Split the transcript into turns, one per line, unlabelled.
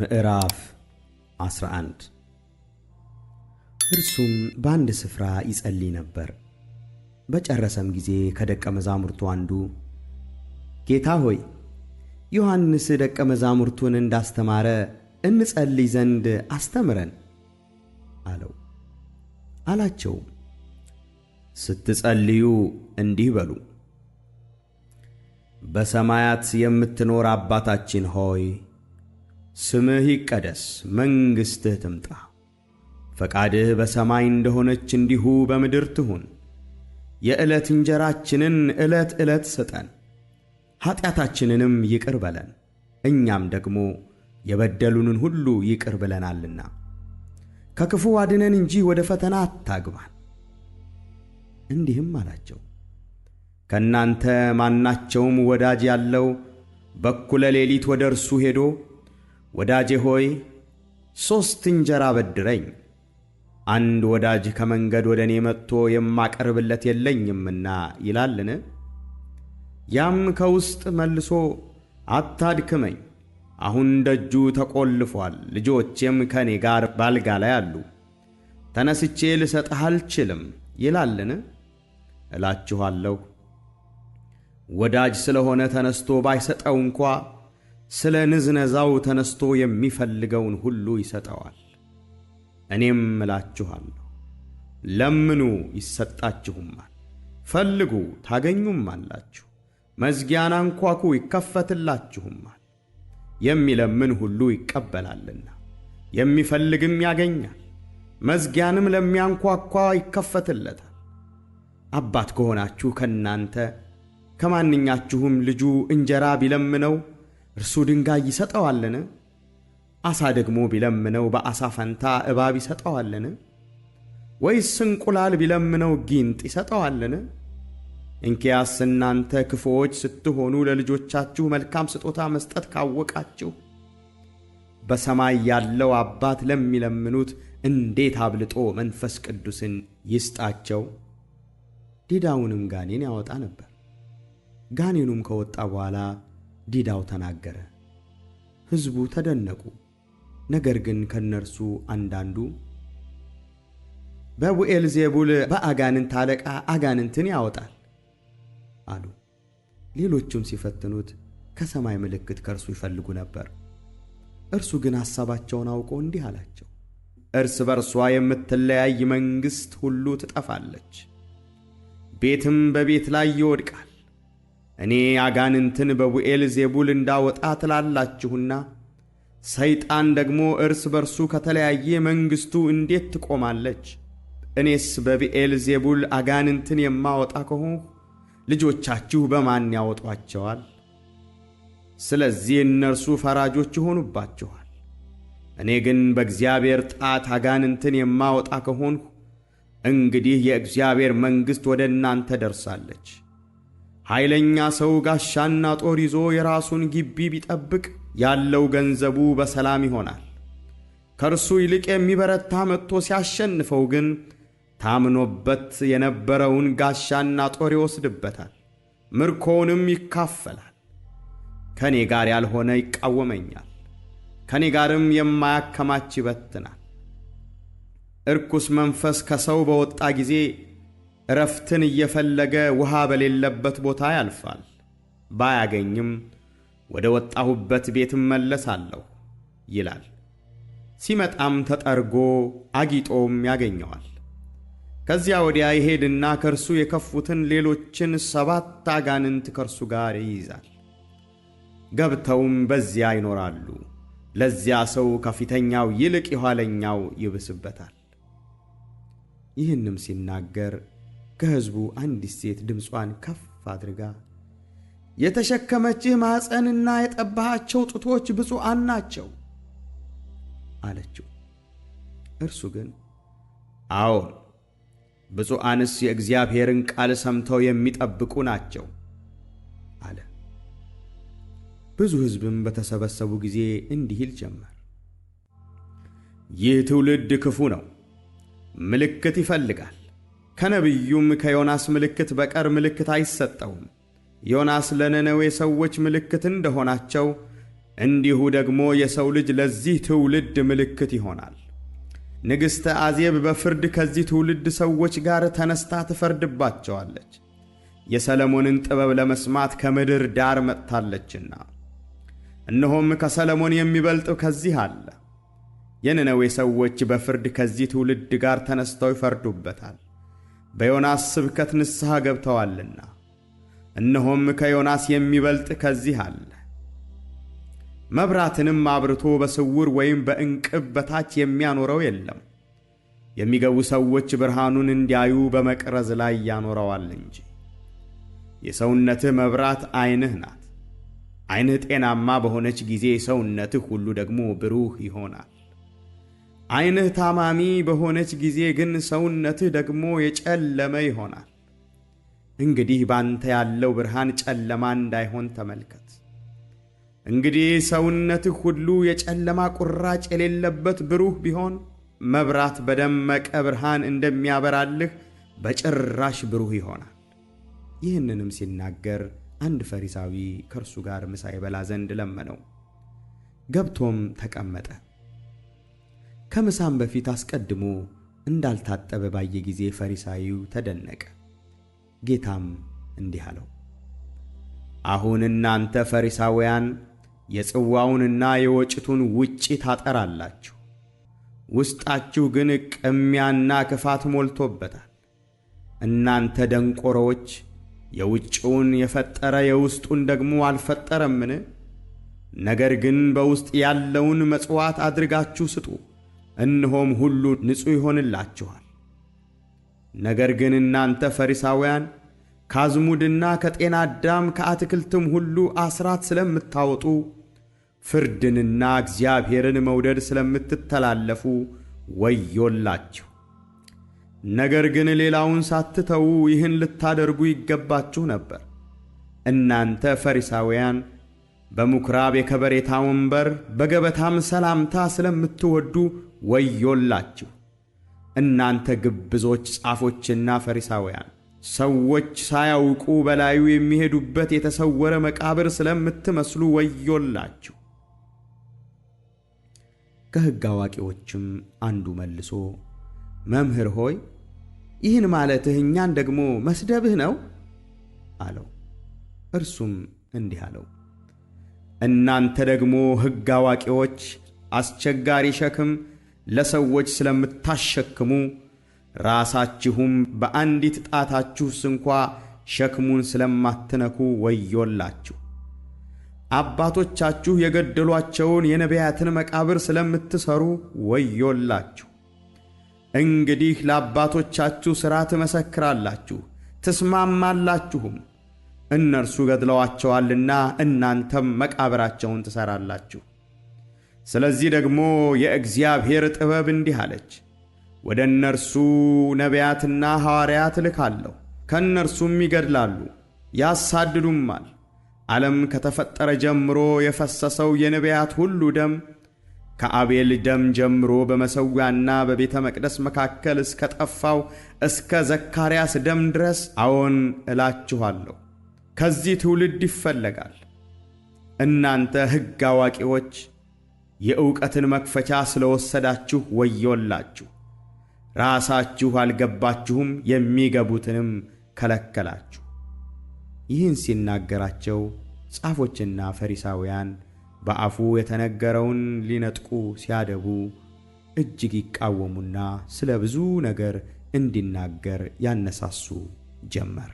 ምዕራፍ 11 እርሱም በአንድ ስፍራ ይጸልይ ነበር። በጨረሰም ጊዜ ከደቀ መዛሙርቱ አንዱ ጌታ ሆይ፣ ዮሐንስ ደቀ መዛሙርቱን እንዳስተማረ እንጸልይ ዘንድ አስተምረን
አለው። አላቸውም፣ ስትጸልዩ እንዲህ በሉ በሰማያት የምትኖር አባታችን ሆይ ስምህ ይቀደስ፣ መንግሥትህ ትምጣ። ፈቃድህ በሰማይ እንደሆነች እንዲሁ በምድር ትሁን። የዕለት እንጀራችንን ዕለት ዕለት ስጠን። ኀጢአታችንንም ይቅር በለን እኛም ደግሞ የበደሉንን ሁሉ ይቅር ብለናልና። ከክፉ አድነን እንጂ ወደ ፈተና አታግባን። እንዲህም አላቸው፦ ከእናንተ ማናቸውም ወዳጅ ያለው በኩለ ሌሊት ወደ እርሱ ሄዶ ወዳጄ ሆይ ሦስት እንጀራ በድረኝ፣ አንድ ወዳጅ ከመንገድ ወደ እኔ መጥቶ የማቀርብለት የለኝምና ይላልን? ያም ከውስጥ መልሶ አታድክመኝ፣ አሁን ደጁ ተቆልፏል፣ ልጆቼም ከእኔ ጋር ባልጋ ላይ አሉ፣ ተነስቼ ልሰጥህ አልችልም ይላልን? እላችኋለሁ ወዳጅ ስለሆነ ተነስቶ ባይሰጠው እንኳ ስለ ንዝነዛው ተነስቶ የሚፈልገውን ሁሉ ይሰጠዋል። እኔም እላችኋለሁ፣ ለምኑ ይሰጣችሁማል፣ ፈልጉ ታገኙም አላችሁ መዝጊያን አንኳኩ ይከፈትላችሁማል። የሚለምን ሁሉ ይቀበላልና የሚፈልግም ያገኛል፣ መዝጊያንም ለሚያንኳኳ ይከፈትለታል። አባት ከሆናችሁ ከእናንተ ከማንኛችሁም ልጁ እንጀራ ቢለምነው እርሱ ድንጋይ ይሰጠዋልን? አሳ ደግሞ ቢለምነው በአሳ ፈንታ እባብ ይሰጠዋልን? ወይስ እንቁላል ቢለምነው ጊንጥ ይሰጠዋልን? እንኪያስ እናንተ ክፉዎች ስትሆኑ ለልጆቻችሁ መልካም ስጦታ መስጠት ካወቃችሁ፣ በሰማይ ያለው አባት ለሚለምኑት እንዴት አብልጦ መንፈስ ቅዱስን ይስጣቸው! ዲዳውንም ጋኔን ያወጣ ነበር። ጋኔኑም ከወጣ በኋላ ዲዳው ተናገረ። ሕዝቡ ተደነቁ። ነገር ግን ከእነርሱ አንዳንዱ በቡኤል ዜቡል በአጋንንት አለቃ አጋንንትን ያወጣል አሉ። ሌሎቹም ሲፈትኑት ከሰማይ ምልክት ከእርሱ ይፈልጉ ነበር። እርሱ ግን ሐሳባቸውን አውቆ እንዲህ አላቸው፣ እርስ በርሷ የምትለያይ መንግሥት ሁሉ ትጠፋለች፣ ቤትም በቤት ላይ ይወድቃል። እኔ አጋንንትን በቡኤል ዜቡል እንዳወጣ ትላላችሁና ሰይጣን ደግሞ እርስ በርሱ ከተለያየ መንግሥቱ እንዴት ትቆማለች? እኔስ በብኤል ዜቡል አጋንንትን የማወጣ ከሆንሁ ልጆቻችሁ በማን ያወጧቸዋል? ስለዚህ እነርሱ ፈራጆች ይሆኑባችኋል። እኔ ግን በእግዚአብሔር ጣት አጋንንትን የማወጣ ከሆንሁ እንግዲህ የእግዚአብሔር መንግሥት ወደ እናንተ ደርሳለች። ኃይለኛ ሰው ጋሻና ጦር ይዞ የራሱን ግቢ ቢጠብቅ ያለው ገንዘቡ በሰላም ይሆናል። ከእርሱ ይልቅ የሚበረታ መጥቶ ሲያሸንፈው ግን ታምኖበት የነበረውን ጋሻና ጦር ይወስድበታል፣ ምርኮውንም ይካፈላል። ከእኔ ጋር ያልሆነ ይቃወመኛል፣ ከእኔ ጋርም የማያከማች ይበትናል። እርኩስ መንፈስ ከሰው በወጣ ጊዜ እረፍትን እየፈለገ ውሃ በሌለበት ቦታ ያልፋል። ባያገኝም ወደ ወጣሁበት ቤት እመለሳለሁ ይላል። ሲመጣም ተጠርጎ አጊጦም ያገኘዋል። ከዚያ ወዲያ ይሄድና ከእርሱ የከፉትን ሌሎችን ሰባት አጋንንት ከእርሱ ጋር ይይዛል። ገብተውም በዚያ ይኖራሉ። ለዚያ ሰው ከፊተኛው ይልቅ የኋለኛው ይብስበታል። ይህንም ሲናገር ከሕዝቡ አንዲት ሴት ድምጿን ከፍ አድርጋ የተሸከመችህ ማኅፀንና የጠባሃቸው ጡቶች ብፁዓን ናቸው አለችው። እርሱ ግን አዎን፣ ብፁዓንስ የእግዚአብሔርን ቃል ሰምተው የሚጠብቁ ናቸው አለ። ብዙ ሕዝብም በተሰበሰቡ ጊዜ እንዲህ ይል ጀመር፣ ይህ ትውልድ ክፉ ነው፣ ምልክት ይፈልጋል ከነቢዩም ከዮናስ ምልክት በቀር ምልክት አይሰጠውም። ዮናስ ለነነዌ ሰዎች ምልክት እንደሆናቸው እንዲሁ ደግሞ የሰው ልጅ ለዚህ ትውልድ ምልክት ይሆናል። ንግሥተ አዜብ በፍርድ ከዚህ ትውልድ ሰዎች ጋር ተነስታ ትፈርድባቸዋለች፣ የሰለሞንን ጥበብ ለመስማት ከምድር ዳር መጥታለችና። እነሆም ከሰለሞን የሚበልጥ ከዚህ አለ። የነነዌ ሰዎች በፍርድ ከዚህ ትውልድ ጋር ተነስተው ይፈርዱበታል። በዮናስ ስብከት ንስሐ ገብተዋልና እነሆም ከዮናስ የሚበልጥ ከዚህ አለ። መብራትንም አብርቶ በስውር ወይም በእንቅብ በታች የሚያኖረው የለም፤ የሚገቡ ሰዎች ብርሃኑን እንዲያዩ በመቅረዝ ላይ ያኖረዋል እንጂ። የሰውነትህ መብራት ዐይንህ ናት። ዐይንህ ጤናማ በሆነች ጊዜ ሰውነትህ ሁሉ ደግሞ ብሩህ ይሆናል። አይንህ ታማሚ በሆነች ጊዜ ግን ሰውነትህ ደግሞ የጨለመ ይሆናል። እንግዲህ ባንተ ያለው ብርሃን ጨለማ እንዳይሆን ተመልከት። እንግዲህ ሰውነትህ ሁሉ የጨለማ ቁራጭ የሌለበት ብሩህ ቢሆን መብራት በደመቀ ብርሃን እንደሚያበራልህ በጭራሽ ብሩህ ይሆናል። ይህንንም ሲናገር አንድ ፈሪሳዊ ከእርሱ ጋር ምሳ ይበላ ዘንድ ለመነው። ገብቶም ተቀመጠ። ከምሳም በፊት አስቀድሞ እንዳልታጠበ ባየ ጊዜ ፈሪሳዊው ተደነቀ። ጌታም እንዲህ አለው፣ አሁን እናንተ ፈሪሳውያን የጽዋውንና የወጭቱን ውጪ ታጠራላችሁ፣ ውስጣችሁ ግን ቅሚያና ክፋት ሞልቶበታል። እናንተ ደንቆሮዎች የውጭውን የፈጠረ የውስጡን ደግሞ አልፈጠረምን? ነገር ግን በውስጥ ያለውን መጽዋት አድርጋችሁ ስጡ እነሆም ሁሉ ንጹሕ ይሆንላችኋል። ነገር ግን እናንተ ፈሪሳውያን ከአዝሙድና ከጤና አዳም ከአትክልትም ሁሉ አስራት ስለምታወጡ ፍርድንና እግዚአብሔርን መውደድ ስለምትተላለፉ ወዮላችሁ። ነገር ግን ሌላውን ሳትተዉ ይህን ልታደርጉ ይገባችሁ ነበር። እናንተ ፈሪሳውያን በምኵራብ የከበሬታ ወንበር በገበታም ሰላምታ ስለምትወዱ ወዮላችሁ እናንተ ግብዞች ጻፎችና ፈሪሳውያን ሰዎች ሳያውቁ በላዩ የሚሄዱበት የተሰወረ መቃብር ስለምትመስሉ ወዮላችሁ። ከሕግ አዋቂዎችም አንዱ መልሶ መምህር ሆይ ይህን ማለትህ እኛን ደግሞ መስደብህ ነው አለው። እርሱም እንዲህ አለው፣ እናንተ ደግሞ ሕግ አዋቂዎች አስቸጋሪ ሸክም ለሰዎች ስለምታሸክሙ ራሳችሁም በአንዲት ጣታችሁ ስንኳ ሸክሙን ስለማትነኩ ወዮላችሁ። አባቶቻችሁ የገደሏቸውን የነቢያትን መቃብር ስለምትሠሩ ወዮላችሁ። እንግዲህ ለአባቶቻችሁ ሥራ ትመሰክራላችሁ ትስማማላችሁም። እነርሱ ገድለዋቸዋልና እናንተም መቃብራቸውን ትሠራላችሁ። ስለዚህ ደግሞ የእግዚአብሔር ጥበብ እንዲህ አለች፤ ወደ እነርሱ ነቢያትና ሐዋርያት እልካለሁ፣ ከእነርሱም ይገድላሉ፣ ያሳድዱማል። ዓለም ከተፈጠረ ጀምሮ የፈሰሰው የነቢያት ሁሉ ደም ከአቤል ደም ጀምሮ በመሠዊያና በቤተ መቅደስ መካከል እስከ ጠፋው እስከ ዘካርያስ ደም ድረስ አዎን እላችኋለሁ ከዚህ ትውልድ ይፈለጋል። እናንተ ሕግ አዋቂዎች የእውቀትን መክፈቻ ስለወሰዳችሁ ወዮላችሁ። ራሳችሁ አልገባችሁም፣ የሚገቡትንም ከለከላችሁ። ይህን ሲናገራቸው ጻፎችና ፈሪሳውያን በአፉ የተነገረውን ሊነጥቁ ሲያደቡ እጅግ ይቃወሙና ስለ ብዙ ነገር እንዲናገር ያነሳሱ ጀመር።